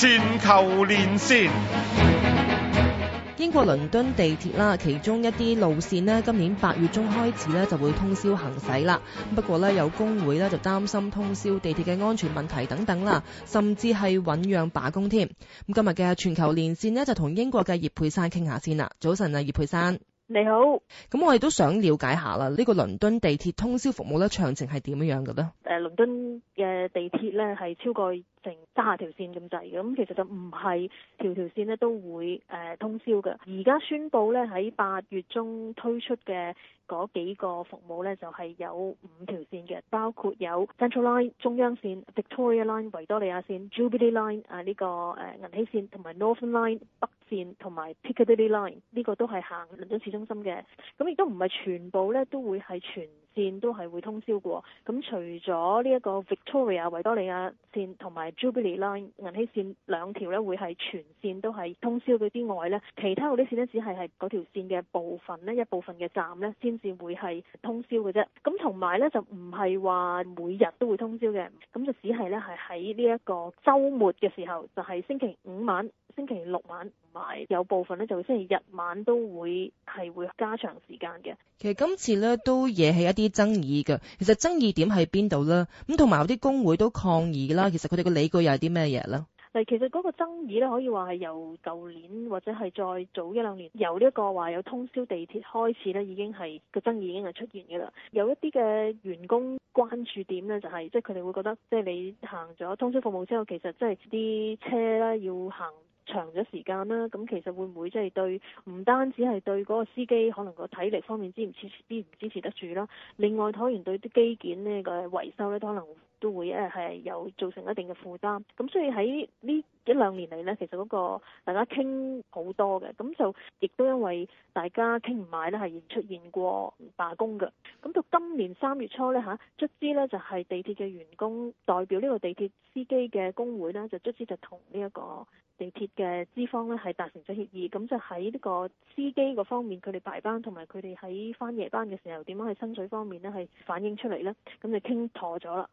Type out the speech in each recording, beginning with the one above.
全球連線，英國倫敦地鐵啦，其中一啲路線呢，今年八月中開始咧就會通宵行駛啦。不過呢，有工會呢就擔心通宵地鐵嘅安全問題等等啦，甚至係醞釀罷工添。咁今日嘅全球連線呢，就同英國嘅葉珮珊傾下先啦。早晨啊，葉珮珊。你好，咁我哋都想了解下啦，呢個倫敦地鐵通宵服務咧詳情係點樣樣嘅咧？誒倫、啊、敦嘅地鐵咧係超過成卅條線咁滯嘅，咁、嗯、其實就唔係條條線咧都會誒、呃、通宵嘅。而家宣布咧喺八月中推出嘅嗰幾個服務咧就係、是、有五條線嘅，包括有 Central Line 中央線 Victoria Line 維多利亞線 Jubilee Line 啊呢、這個誒、呃、銀禧線同埋 Northern Line 北線同埋 Piccadilly Line 呢個都係行倫敦市中心。中心嘅，咁亦都唔係全部咧，都會係全線都係會通宵過。咁除咗呢一個 Victoria 維多利亞線同埋 Jubilee Line 銀禧線兩條咧，會係全線都係通宵嗰啲外咧，其他嗰啲線咧只係係嗰條線嘅部分咧，一部分嘅站咧先至會係通宵嘅啫。咁同埋咧就唔係話每日都會通宵嘅，咁就只係咧係喺呢一個週末嘅時候，就係星期五晚。星期六晚不，同埋有部分咧，就星期日晚都會係會加長時間嘅。其實今次咧都惹起一啲爭議嘅。其實爭議點喺邊度啦？咁同埋有啲工會都抗議啦。其實佢哋嘅理據又係啲咩嘢咧？嗱，其實嗰個爭議咧可以話係由舊年或者係再早一兩年由呢、這、一個話有通宵地鐵開始咧，已經係個爭議已經係出現嘅啦。有一啲嘅員工關注點咧、就是，就係即係佢哋會覺得，即、就、係、是、你行咗通宵服務之後，其實即係啲車咧要行。長咗時間啦，咁其實會唔會即係對唔單止係對嗰個司機可能個體力方面支唔支持，支唔支持得住啦？另外，當然對啲機件呢個維修呢，都可能。都會係有造成一定嘅負擔，咁所以喺呢一兩年嚟呢，其實嗰個大家傾好多嘅，咁就亦都因為大家傾唔埋呢係出現過罷工嘅。咁到今年三月初呢，吓、啊、卒之呢就係地鐵嘅員工代表呢個地鐵司機嘅工會呢，就卒之就同呢一個地鐵嘅資方呢係達成咗協議，咁就喺呢個司機嗰方面，佢哋白班同埋佢哋喺翻夜班嘅時候點樣去薪水方面呢，係反映出嚟呢。咁就傾妥咗啦。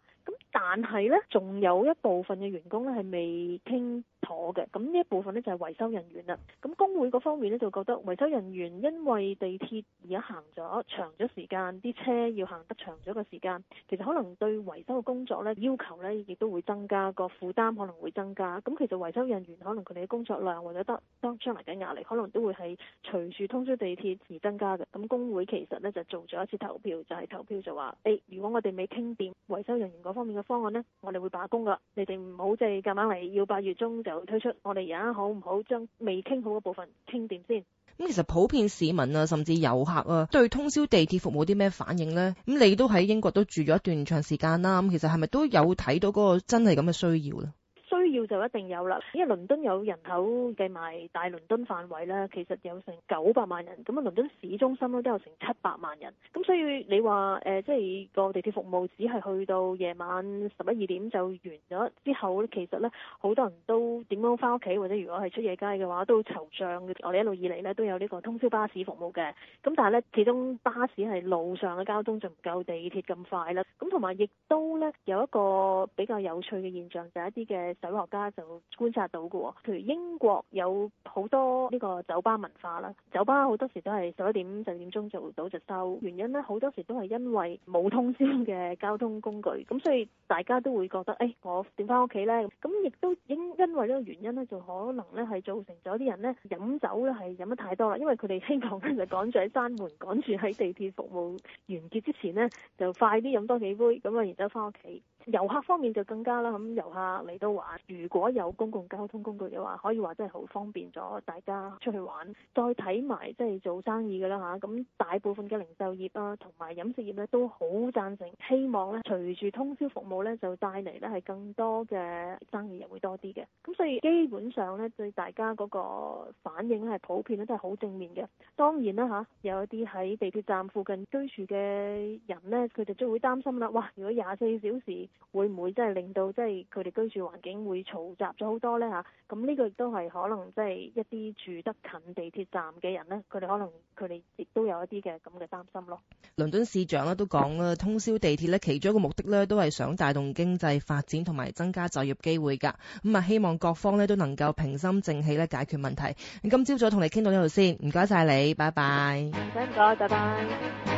但係呢，仲有一部分嘅員工呢係未傾妥嘅。咁呢一部分呢，就係、是、維修人員啦。咁工會嗰方面呢，就覺得維修人員因為地鐵而家行咗長咗時間，啲車要行得長咗嘅時間，其實可能對維修嘅工作呢，要求呢亦都會增加個負擔，可能會增加。咁其實維修人員可能佢哋嘅工作量或者得得將來嘅壓力，可能都會係隨住通宵地鐵而增加嘅。咁工會其實呢，就做咗一次投票，就係、是、投票就話：A，、hey, 如果我哋未傾掂維修人員嗰方面，嘅方案咧，我哋會罷工㗎，你哋唔好即係夾硬嚟，要八月中就推出，我哋而家好唔好將未傾好嘅部分傾掂先？咁其實普遍市民啊，甚至遊客啊，對通宵地鐵服務啲咩反應咧？咁你都喺英國都住咗一段長時間啦，咁其實係咪都有睇到嗰個真係咁嘅需要咧？就一定有啦，因為倫敦有人口計埋大倫敦範圍呢，其實有成九百萬人，咁啊倫敦市中心咧都有成七百萬人，咁所以你話誒，即係個地鐵服務只係去到夜晚十一二點就完咗，之後其實呢，好多人都點樣翻屋企，或者如果係出夜街嘅話都惆悵。我哋一路以嚟呢，都有呢個通宵巴士服務嘅，咁但係呢，始終巴士係路上嘅交通仲唔夠地鐵咁快啦，咁同埋亦都呢，有一個比較有趣嘅現象就係、是、一啲嘅社會學家啦就觀察到嘅，譬如英國有好多呢個酒吧文化啦，酒吧好多時都係十一點十二點鐘就到就收，原因呢，好多時都係因為冇通宵嘅交通工具，咁所以大家都會覺得，誒、欸、我點翻屋企呢？咁亦都因因為呢個原因呢，就可能呢係造成咗啲人呢飲酒咧係飲得太多啦，因為佢哋希望呢，就趕住喺閂門，趕住喺地鐵服務完結之前呢，就快啲飲多幾杯，咁啊然之後翻屋企。遊客方面就更加啦，咁遊客嚟到玩，如果有公共交通工具嘅話，可以話真係好方便咗大家出去玩。再睇埋即係做生意㗎啦吓，咁大部分嘅零售業啊、同埋飲食業咧都好贊成，希望咧隨住通宵服務咧就帶嚟咧係更多嘅生意又會多啲嘅。咁所以基本上咧對大家嗰個反應咧係普遍咧都係好正面嘅。當然啦吓，有一啲喺地鐵站附近居住嘅人咧，佢哋就會擔心啦。哇，如果廿四小時會唔會即係令到即係佢哋居住環境會嘈雜咗好多呢？吓？咁呢個亦都係可能即係一啲住得近地鐵站嘅人呢，佢哋可能佢哋亦都有一啲嘅咁嘅擔心咯。倫敦市長咧都講啦，通宵地鐵咧其中一個目的咧都係想帶動經濟發展同埋增加就業機會噶。咁啊，希望各方咧都能夠平心靜氣咧解決問題。咁今朝早同你傾到呢度先，唔該晒你，拜拜。唔該，拜拜。